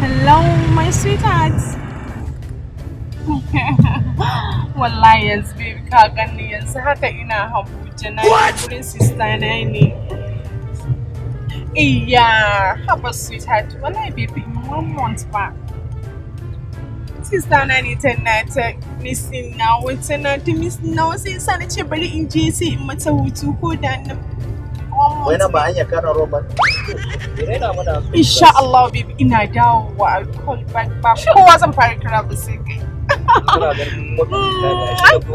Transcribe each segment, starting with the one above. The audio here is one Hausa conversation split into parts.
Hello, my sweethearts. Wallahi yanzu baby ka ganni yanzu haka ina Abuja na wurin sista na ne. Iya, haba sweetheart. Wallahi baby in one month ba. Sista na ne na ta missing na wata na ta missing na wasu yasa na ce bari in je sai in mata hutu ko da na wai na ba hanyar karan roba insha Allah baby ina dawo wa alcohol back ba kowa zan fara kira ba sai kai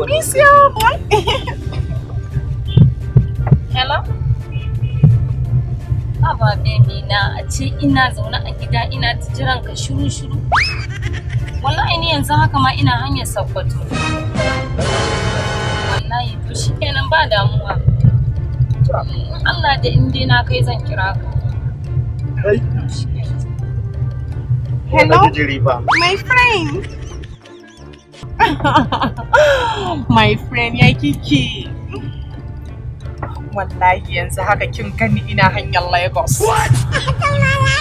miss you boy hello Aba baby na a ce ina zaune a gida ina ta jiran ka shiru shiru wallahi ni yanzu haka ma ina hanyar sakkwato wallahi to shikenan ba damuwa Allah da in na kai zan kira ka. Kai? Hello? My friend. My friend ya Wallahi yanzu haka kin gani ina hanyar Lagos.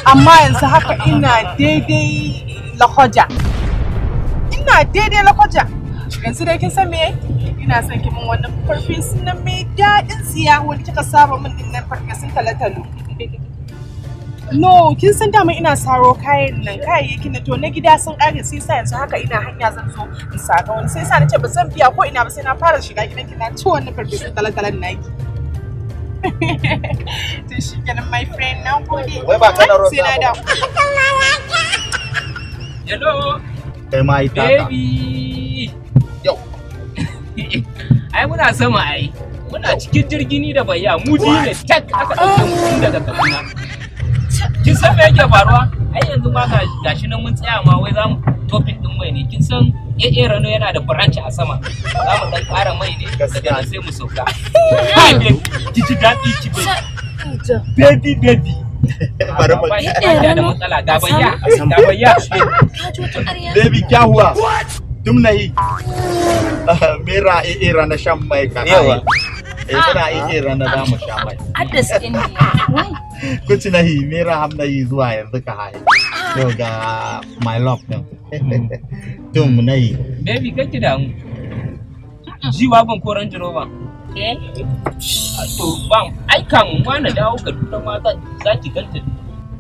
Amma yanzu haka ina daidai Lahoja. Ina daidai Lahoja. Yanzu dai kin san me ina son ki min wannan farfesun nan mai daɗin siya wanda kika saba min din nan sun talotalo no kin san dama ina saro kayan nan kayayyaki na to na gida sun ƙare sai sa yanzu haka ina hanya zan zo in saka wani sai sa nace ba zan biya ko ina ba sai na fara shiga gidan ki na ci wannan farfesun talatalan naki to shi kenan my friend na gode wai ba kana rosa sai na dawo hello kai ma ita baby ai muna sama ai muna cikin jirgini da bayya mu ne tak aka ɗauke mu daga kaduna kin san me yake faruwa ai yanzu ma gashi nan mun tsaya ma wai zamu topin din mai ne kin san AA Rano yana da branch a sama za mu dan ƙara mai ne daga nan sai mu sauka ha ki ji dadi ki baby baby Baby, kya da matsala dum na yi mera ira na shan mai ka yawa eh mera ira na damu shan mai addas in ne kuci na yi mera ham na yi zuwa yanzu ka haye yau ga my love din dum na yi baby kake da mu Ji ban ko ranjiro ba eh to ban ai kan wani dawo ka tuna ma zan zaki ganta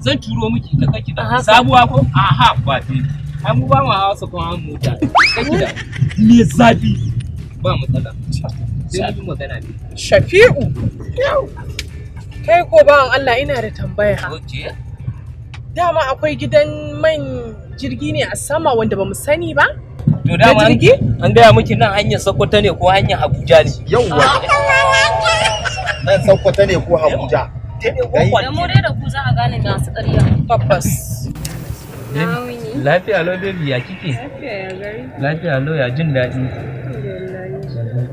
zan turo miki ka kake da sabuwa ko aha ba baby Ai mu ba mu hawa su kuma mu da. Me zafi. Ba matsala. Sai mu magana ne. Shafi'u. Kai ko bawan Allah ina da tambaya. Oke. Dama akwai gidan man jirgi ne a sama wanda ba mu sani ba? To jirgi? an gaya miki nan hanyar Sokoto ne ko hanyar Abuja ne? Yawwa. Nan Sokoto ne ko Abuja? Da mu dai da ku za a gane masu ƙarya. Tabbas. Lafiya lo baby ya kike? Lafiya lo ya jin daɗi.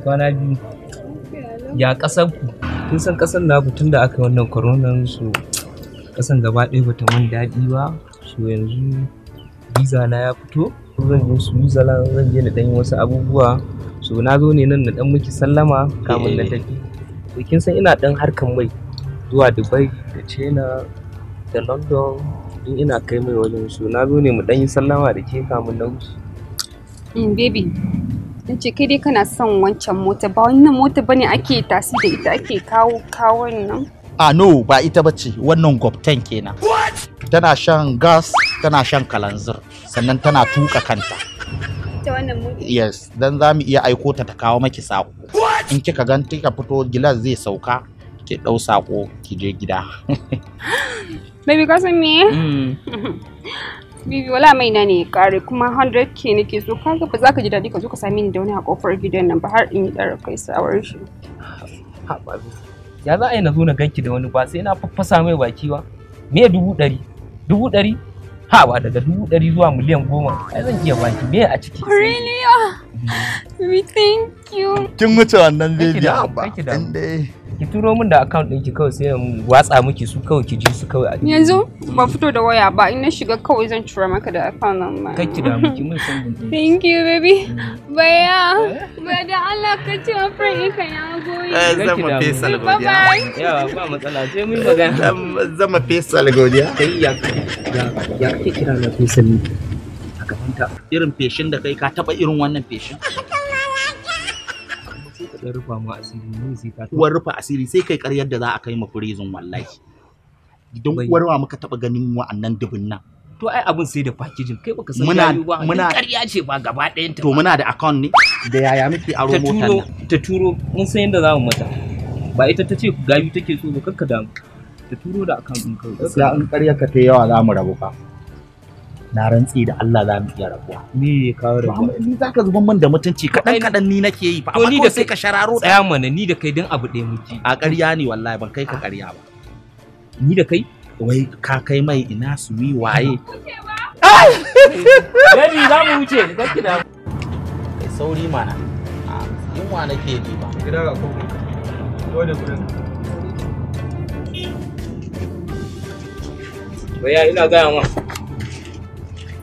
Kwana Ya ƙasar ku? Kun san ƙasar naku tun da aka wannan koronan su ƙasan gaba ɗaya bata mun daɗi ba. So yanzu visa na ya fito. Zan je Switzerland zan je na ɗan wasu abubuwa. So na zo ne nan na ɗan miki sallama kamun na eh. tafi. kin san ina ɗan harkan mai zuwa Dubai da China da london in ina kai mai wajen su na zo ne mu ɗan yi sallama da ke kamun na wuce in mm, baby in ce kai dai kana son wancan mota ba wannan mota bane ake tasi da ita ake kawo kawo nan a ah, no ba ita bace wannan gwabtan kenan tana shan gas tana shan kalanzir sannan tana tuka kanta ita wannan mota yes dan za mu iya aiko ta ta kawo maki sako in kika gan ka fito gilas zai sauka ki dau sako ki je gida Baby ka san me? Mm. Bibi wala mai na ne kare kuma 100k nake so ka ga za ka ji daɗi ka zo ka sami ni da wani a kofar gidan nan ba har in yi ɗara kai sawar shi. Ya za a yi na zo na ganki da wani ba sai na faffasa mai baki ba. Me dubu ɗari? Dubu ɗari? Ha ba daga dubu ɗari zuwa miliyan goma. Ai zan iya baki me a ciki. Really? We thank you. Kin wuce wannan bidiyo ba. dai. ki turo min da account ɗinki kawai sai mu watsa miki su kawai ki ji su kawai a Yanzu ba fito da waya ba in na shiga kawai zan tura maka da account nan ma. ki da miki mun san Thank you baby. Mm. Baya. Eh? Ba da Allah ka ci a friend ka ya goyi. Eh zan mu fesa godiya. Ya Yawa ba matsala sai mun magana. Zan mu fesa godiya. ya ya ki kira na fesa ni. kwamfuta irin feshin da kai ka taba irin wannan feshin dan rufa mu asiri ne sai ka uwar rufa asiri sai kai karyar da za a kai mu prison wallahi don uwar muka taba ganin wa'annan dubin nan to ai abin sai da packaging kai baka san muna muna ƙarya ce ba gaba ɗayan ta to muna da account ne da yaya muke aro motar turo ta turo mun san yadda za mu mata ba ita ta ce gabi take so ba kakka damu ta turo da account ɗin kawai sai an ƙaryar ka ta yawa za mu rabu fa na rantsi da Allah za mu iya rabuwa. Ni ne kawo rabuwa. Ni za ka zuban man da mutunci kaɗan kaɗan ni nake yi fa. Amma da sai ka shararo. Tsaya mana ni da kai don abu ɗaya muke. A ƙarya ne wallahi ban kai ka ah. ƙarya ba. Ni da kai? Wai ka kai mai ina su yi waye. Yadi za mu wuce ga kida. Kai sauri mana. wa nake yi ba. Gida ga kofi. Dole kudin. Baya ina gaya ma.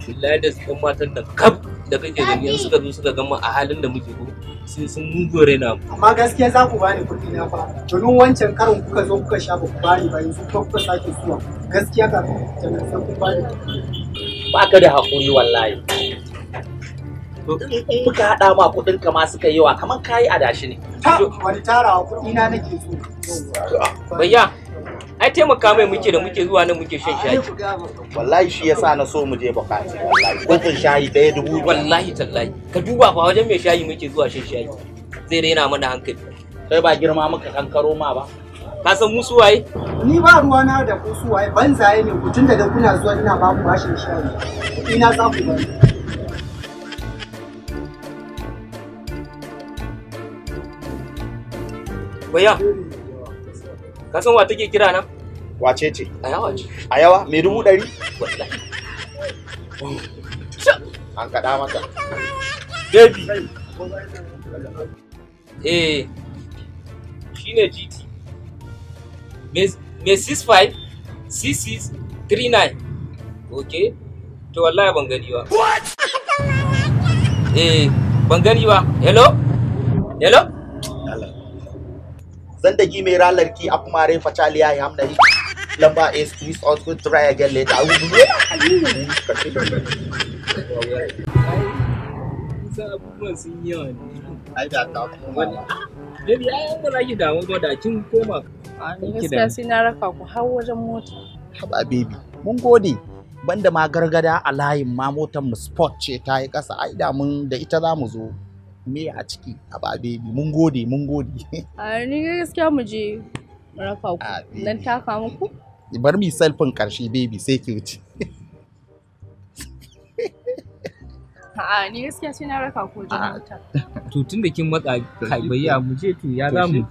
billahi da su matan da kaf da kake gani suka zo suka gama a halin da muke ko sun sun mugu raina amma gaskiya za ku bani kuɗi na fa domin wancan karin kuka zo kuka sha ba ku bani ba yanzu ko kuka sake zuwa gaskiya ka ta nan sai ku bani ba ka da hakuri wallahi in eh, muka eh. haɗa ma kuɗin ka ma suka yawa kamar kayi adashi ne. Ta wani tarawa kuɗi na nake so. Bayya. ai taimaka mai muke da muke zuwa nan muke shan shayi wallahi shi yasa na so mu je bakati wallahi kofin shayi ɗaya dubu wallahi tallahi ka duba fa wajen mai shayi muke zuwa shan shayi zai raina mana hankali kai ba girma muka kankaro ma ba ka san mu suwaye ni ba ruwa na da ku suwaye banzaye ne ku tunda da kuna zuwa ina ba ku bashin shayi ina za ku bari Baya, ka san wa take kira nan wace ce a yawa ce a yawa mai dubu ɗari an kaɗa mata baby eh shi ne gt mai 65 66 39 ok to wallahi ban gani ba eh ban gani ba hello hello zan da gi mai ralarki a kuma akumare facaliya ya hamdari लंबा a piece और उसको थोड़ा एगर लेता हूँ ai da ta kuma ne ya yi ba rage damu ba da kin koma ni gaskiya sai na raka ku har wajen mota haba baby mun gode banda ma gargada a layin ma motar mu sport ce ta yi kasa ai da mun da ita za mu zo me a ciki a ba baby mun gode mun gode a ni gaskiya mu je rafa ku nan taka muku bar mi selfin karshe baby sai ki wuce A'a ni gaskiya sai na raka ko jin mota. To tunda da kin matsa bayya mu je to ya za mu.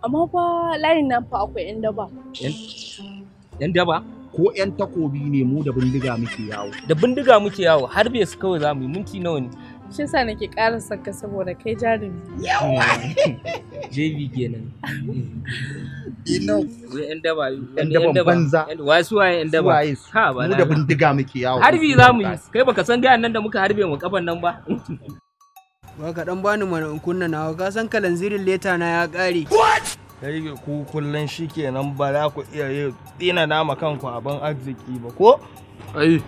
Amma fa layin nan fa akwai yan daba. Yan daba? Ko yan takobi ne mu da bindiga muke yawo. Da bindiga muke yawo har bai su kawai za mu yi minti nawa ne. shi sa nake ƙara sanka saboda kai jarumi yawa jebi kenan ino banza wasu waye yan daba ba mu da bindiga muke yawo harbi za mu yi kai baka san gayan nan da muka harbe mu kafan nan ba wa ka dan bani mana in kunna nawa ka san kalanzirin leta na ya ƙare ya rike ku kullun shikenan ba za ku iya yin tsina nama kanku abin arziki ba ko ai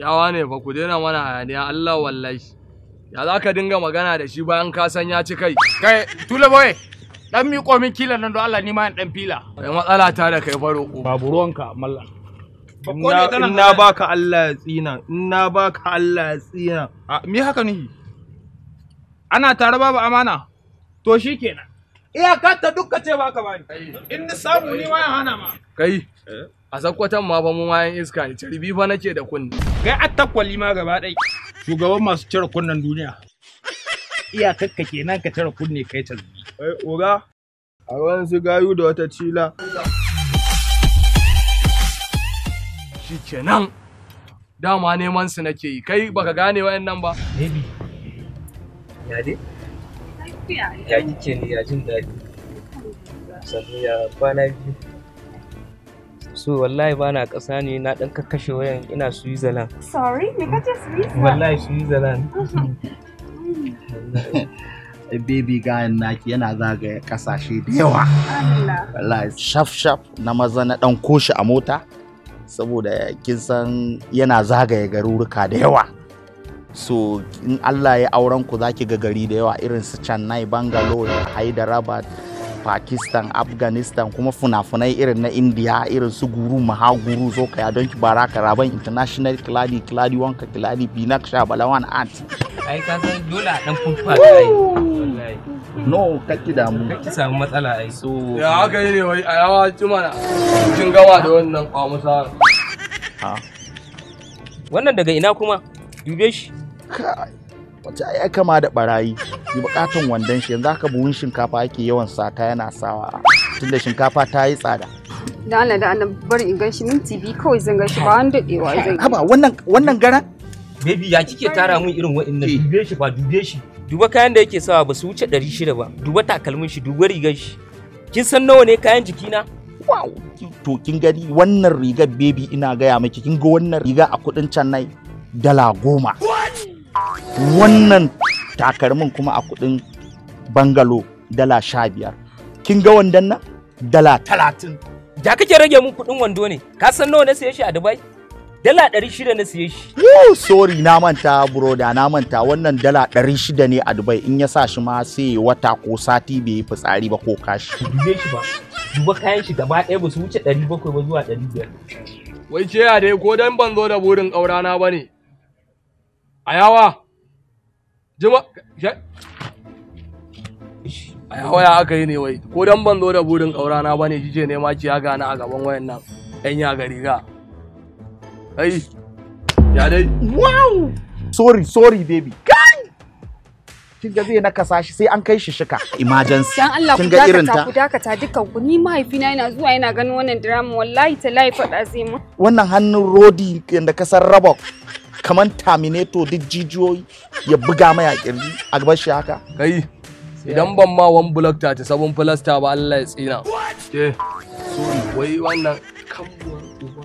yawa ne ba ku daina mana hayaniya Allah wallahi ya za ka dinga magana da shi bayan ka san ya ci kai kai tule boy dan miƙo min kila nan don Allah ni ma dan fila kai matsala ta da kai faro babu ruwanka mallan in na baka Allah ya tsina in na baka Allah ya tsina mi haka nihi ana tare babu amana to shikenan iyakar ta dukka ce baka bani in ni samu ni wayan hana ma kai eh? a sakkwatan ma ba mu wayan iska ne carbi fa nake da kunni kai takwali ma gaba ɗai shugaban masu cire kunnen duniya iyakarka kenan ka cire kunne kai zubi Ai oga a ruwan su gayu da wata cila shi kenan dama neman su nake yi kai baka gane nan ba baby ya dai ya eh. kike ne ya jin daɗi sannu ya kwana biyu so wallahi ba na ƙasa ne na ɗan kakkashe wayan ina switzerland sorry me ce switzerland wallahi switzerland baby gayan naki yana zagaya kasashe da yawa wallahi shaf shaf na maza na dan koshi a mota saboda kin san yana zagaya garuruka da yawa so in Allah ya auren ku zaki ga gari da yawa irin su Chennai Bangalore Hyderabad pakistan afghanistan kuma funafunai irin na india irin su guru maha guru zo kaya don ki bara karaban international kiladi kiladi wanka kiladi binak sha balawan art ai ka san dole a dan funfa da ai no kake damu kake samu matsala ai so ya haka ne wai a yawa cimana kin gama da wannan kwamusa wannan daga ina kuma dube shi kai wata ya kama da barayi yi bukatun wandon shi yanzu haka buhun shinkafa ake yawan sata yana sawa tunda shinkafa ta yi tsada da Allah da Allah bari in ganshi minti biyu kawai zan ganshi ba an dadewa zan haba wannan wannan garan baby ya kike tara mun irin wa'annan dube shi ba dube shi duba kayan da yake sawa ba su wuce 600 ba duba takalmin shi duba rigar shi kin san nawa ne kayan jikina wow to kin gani wannan rigar baby ina gaya miki kin ga wannan riga a kudin can nai dala goma wannan takarmin kuma a kuɗin bangalo dala sha biyar kin ga wandon nan dala talatin da kake rage min kuɗin wando ne ka san nawa na siye shi a dubai dala ɗari shida na siye shi yoo sorry na manta broda na manta wannan dala ɗari shida ne a dubai in ya sa shi ma sai wata ko sati bai yi fitsari ba ko kashi dube shi ba duba kayan shi gaba ɗaya ba su wuce ɗari bakwai ba zuwa ɗari biyar wai ce ya dai ko dan ban zo da burin ƙaura na ba ne a yawa Jima, ai waya aka yi ne wai, ko dan ban zo da burin ƙaurana ba ne kike nema ki ya gana a gaban wayan nan, ‘yan ya gari ga. Ai, ya dai. Wow! Sorry, sorry baby. Kai! Kin ga zai na kasa shi sai an kai shi shika. Emergency. Dan Allah ku dakata ku dakata dukkan ku ni mahaifina yana zuwa yana ganin wannan drama wallahi tallahi faɗa zai mu. Wannan hannun rodi da kasar rabok kamar terminator duk jijiyoyi ya buga mai a kirji a gaban shi haka kai idan ban ma wan block ta sabon filasta ba Allah ya tsina ke wai wannan kambuwar uba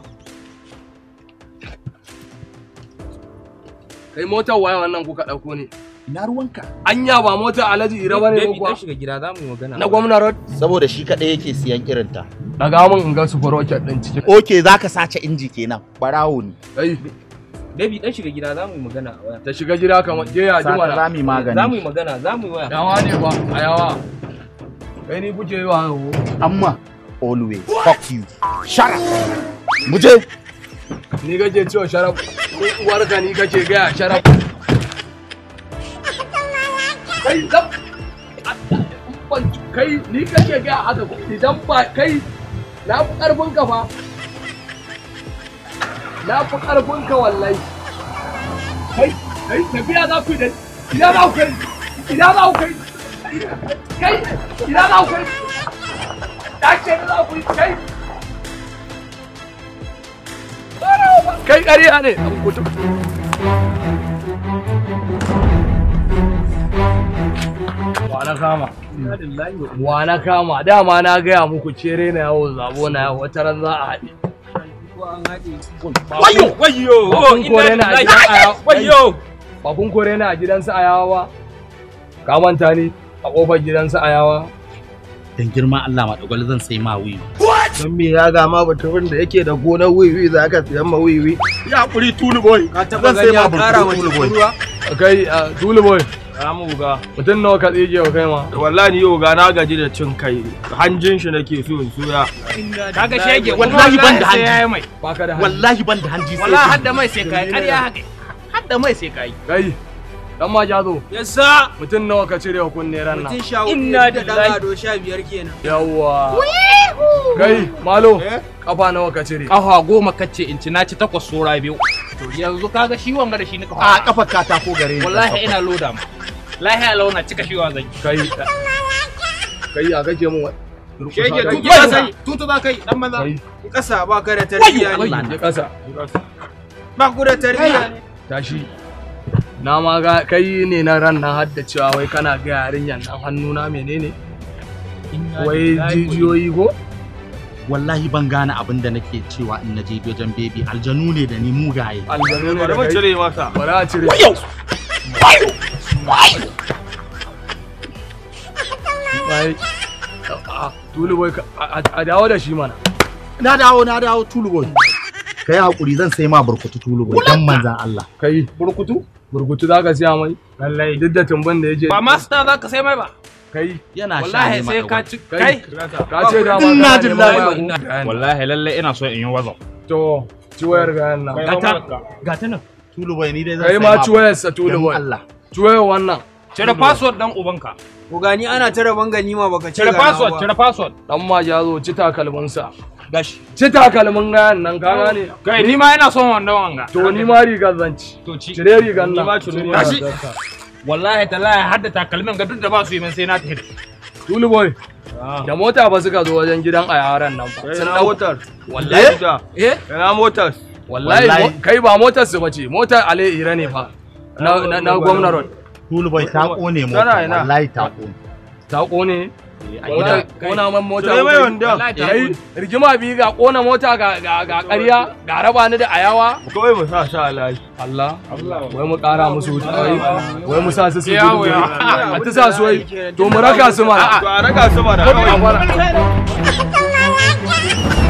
kai motar waya wannan kuka dauko ne ina ruwanka anya ba mota alaji ira bane ko kuwa shiga gida zamu yi magana na gwamnati road saboda shi kadai yake siyan irin ta daga mun in ga su rocket din ciki okay zaka sace inji kenan barawo ne Baby dan shiga gida zamu yi magana a waya. Ta shiga gida kamar je ya jima za Zamu yi magana. Zamu yi magana, zamu yi waya. Dan ne ba, a yawa. Kai ni kuke yi wa Amma always fuck you. shara. up. Mu je. Ni gaje ciwo sharaf. ka ni kace gaya sharaf. Kai zab. Kai ni ce gaya haka idan ba kai na fi karfin kafa. na fi ƙarfinka wallai. kai kai tafiya za ku yi da ina za ku kai ina za ku kai kai ina za ku kai dace da za ku yi kai kai ƙarya ne abin kutu wa na kama wa na kama dama na gaya muku cere na yawo zabo na yawo wata ran za a haɗe Wayo! Wayo! Oh, Wayo! kore na a gidansa a yawa ba. Ka manta ni a kofar gidansa a yawa. Dan girma Allah maɗagal zan sai ma wiwi. Don me ya ga ma baturin da yake da gonar wiwi za ka siyan ma wiwi. Ya hakuri tulu boy. Ka taɓa ganin ya ƙara wa tulu boy. Kai tulu boy. Ramu ga. Mutum nawa ka tsige wa kai ma? Wallahi ni yau na gaji da cin kai. Hanjin shi nake so in soya. Kaga shege wallahi ban da hanji. Wallahi ban da hanji. Wallahi hadda mai sai kai. Ƙarya haka. Hadda mai sai kai. Kai. Dan ma jazo. Yassa. Mutum nawa ka cire wa kunne ran nan? Mutum sha uku. Inna da sha biyar kenan. Yawwa. Kai malo. Eh? Kafa nawa ka cire? Kafa goma kace in ci na ci takwas sora biyu. To yanzu kaga shi wanga da shi ni kafa. A kafa katako gare ni. Wallahi ina loda ma. lahiya kai ne. Na kai ne na ran na hadda cewa wai kana ga yarinyan nan hannuna menene? Wai jijiyoyi go? wallahi ban gane abin da nake cewa in naje wajen baby aljanu ne da ni mugaye aljanu ne da kai bara cire Wai. Tulu boy a dawo da shi mana. Na dawo na dawo tulu boy. Kai hakuri zan sai ma burkutu tulu boy dan manzan Allah. Kai burkutu? Burkutu ka siya mai? Lallai duk da tumbin da yaje. Ba master ka sai mai ba. kai yana sha wallahi sai ka ci kai ka ce da ma inna lillahi wallahi lalle ina so in yi wazo to ci wayar ga nan ga ta nan tulu bai ni dai zan sai ma ci wayar sa tulu bai Allah Juyo wannan. Cire password dan ubanka. Ku gani ana tare bangani ma baka cire Cire password, cire password. Dan ma ya zo ci takalminsa. Gashi. Ci takalmin gayan nan ka gane. Kai ni ma ina son wannan wanga. To ni ma rigar zanci. To ci. Cire rigar nan. Ni ma cire. Gashi. Wallahi tallahi har da takalmin ga duk da ba su yi min sai na tafi. Tulu boy. Ah. Da mota ba suka zo wajen gidan a yaran nan ba. Sun dau motar. Eh? Wallahi. Eh? Ina motar. Wallahi kai ba motar su bace, motar Ale Ira ne fa. na na gwamna road tulubai ta kone mota wallahi ta kone ta kone eh, a gida kona man mota sai mai wanda yayi rigima bi ga kona mota ga ga ƙarya ga raba ni da ayawa kawai mu sa sa alai Allah wai mu kara musu wuta wai mu sa su su gudu a ta sa su wai to mu raka su mana to a raka su mana